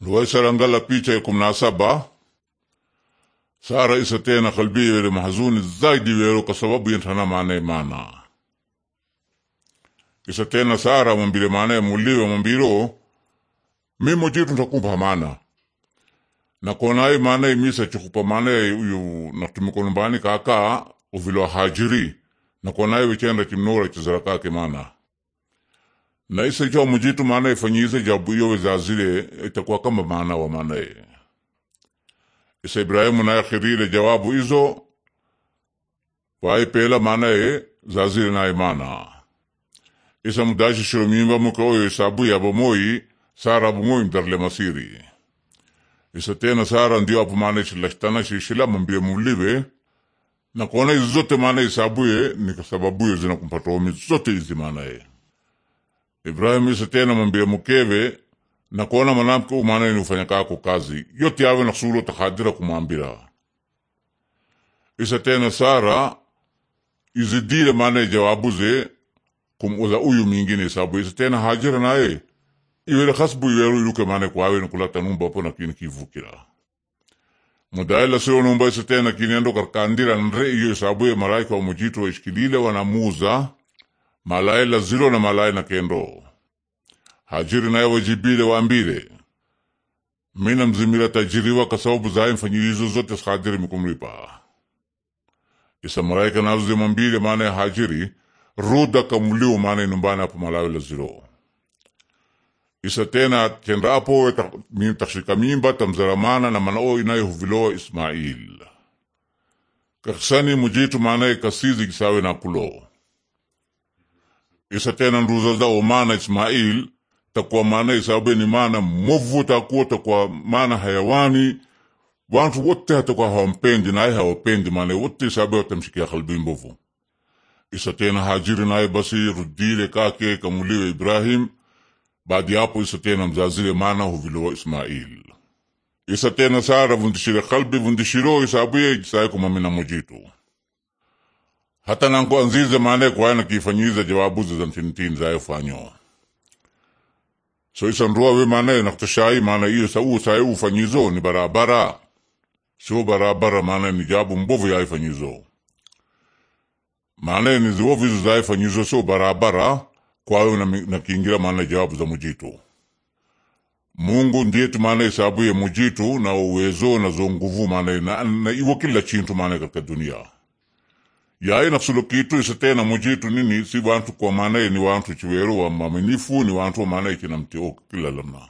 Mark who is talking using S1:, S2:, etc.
S1: luwai sarangala picha ya saba sara isa tena kalbi were mahazuni zaidi wero kwa sababu yentana mane mana isa tena sara mambire mane muliwe mambiro mimo jitu ntakumpa mana nakonai mane misa chikupa mane uyu natumikonumbani kaka uvilo hajiri nakonai wechenda chimnora chizarakake mana na isa icha mujitu maana ifanyize jabu iyo wezazile itakuwa kama maana wa maanaye isa ibrahimu naye khirile jawabu izo wayi pela maanaye zazile naye maana isa mudashi shiromimba muka oyo isabu yabo moyi sara abu mdarle masiri isa tena sara ndio apo maana ishilashtana shishilama mbia muliwe na kuona izi zote maana isabuye nikasababuye zinakumpata omi zote izi maanaye Ibrahim isa tena mambia mwambia mkewe nakuona mwanamke ni ufanya kako kazi yote yawe na nakusulo takadira kumambira. isa tena Sara izidile maana jawabuze kumuza uyu mingine sabu isa tena Hajira naye iwele khasbu iweru iluke maana kwawe nikula tanumba na kini kivukira Mudaila sio sionumba isa tena kini kiniendo karkandira nre iyo isabuye maraika wa mujito waishkilile wanamuza malaye lazilo na malaye na kendo hajiri naye wajibile waambile mina mzimira tajiriwa kwa sababu zaye mfanyilizo zote sihadiri mikumlipa isa malaika nazo mwambile maana ya hajiri ruda kamuliu maana inumbani hapo malawe lazilo isa tena kenda apo takshika mimba tamzaramana na manao inaye huviloa Ismail kakisani mujitu maana ya kasizi kisawe nakulo isa tena nruza zao omana Ismail takuwa maana isabeni maana movu takuwa takuwa mana hayawani wantu wote hatakuwa hawampendi naye hawapendi mana wote isabe watamshikia kalbi mbovu isa tena hajiri naye basi rudile kake kamuliwe Ibrahim baadi yapo isa tena mzazile maana huvilowa Ismail isa tena Sara vundishire kalbi vundishiro isabuye isaye kumamina mujitu hata nanko anzize kwa kwaena kifanyiza jawabu jawabuze zantintin zayofanyoa so we maana na kutashai maana iyo sa sausaye ufanyizo ni barabara sio barabara maana ni jabu mbovu ya yaifanyizo maana ni zivo vizu ziwovizo zaifanyizo sio barabara kwa na, na kiingira maana jawabu za mujitu mungu ndiye ndietu isabu ya mujitu na uwezo na zonguvu maana na, na iwo kila chintu maana katika dunia yayi nakusulokitwise tena mujitu nini si wantu kwa maanaye ni wantu wa maminifu ni wantu wa maanaye kinamtio kila lamna